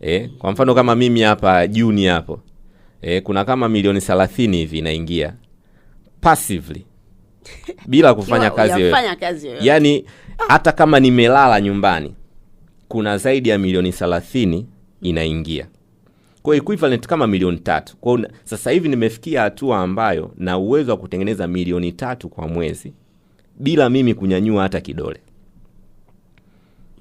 eh, kwa mfano kama mimi hapa Juni hapo eh, kuna kama milioni 30 hivi inaingia passively bila kufanya kazi yoyote, yaani hata kama nimelala nyumbani kuna zaidi ya milioni 30 inaingia kwa equivalent kama milioni tatu. Kwa sasa hivi nimefikia hatua ambayo na uwezo wa kutengeneza milioni tatu kwa mwezi bila mimi kunyanyua hata kidole.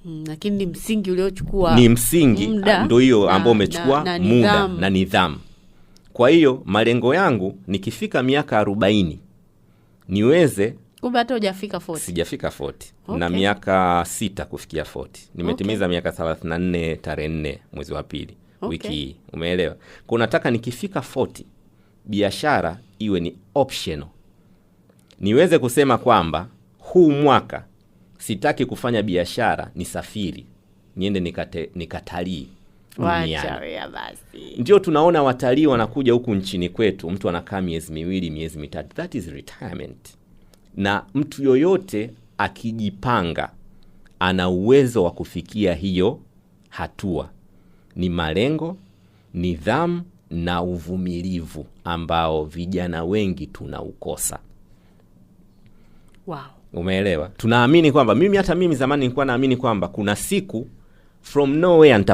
Mm, lakini ni msingi uliochukua ni msingi ndo hiyo ambao umechukua muda na nidhamu. Kwa hiyo malengo yangu nikifika miaka arobaini niweze kumbe hata hujafika 40. Sijafika 40. Okay. Na miaka sita kufikia 40. Nimetimiza okay, miaka 34 tarehe 4 mwezi wa pili. Okay. Wiki hii. Umeelewa? Kwa nataka nikifika 40 biashara iwe ni optional. Niweze kusema kwamba huu mwaka sitaki kufanya biashara, nisafiri niende nikatalii basi. Ndio tunaona watalii wanakuja huku nchini kwetu, mtu anakaa miezi miwili, miezi mitatu, that is retirement. Na mtu yoyote akijipanga, ana uwezo wa kufikia hiyo hatua. Ni malengo, nidhamu na uvumilivu ambao vijana wengi tunaukosa. Wow. Umeelewa? Tunaamini kwamba mimi hata mimi zamani nilikuwa naamini kwamba kuna siku from nowhere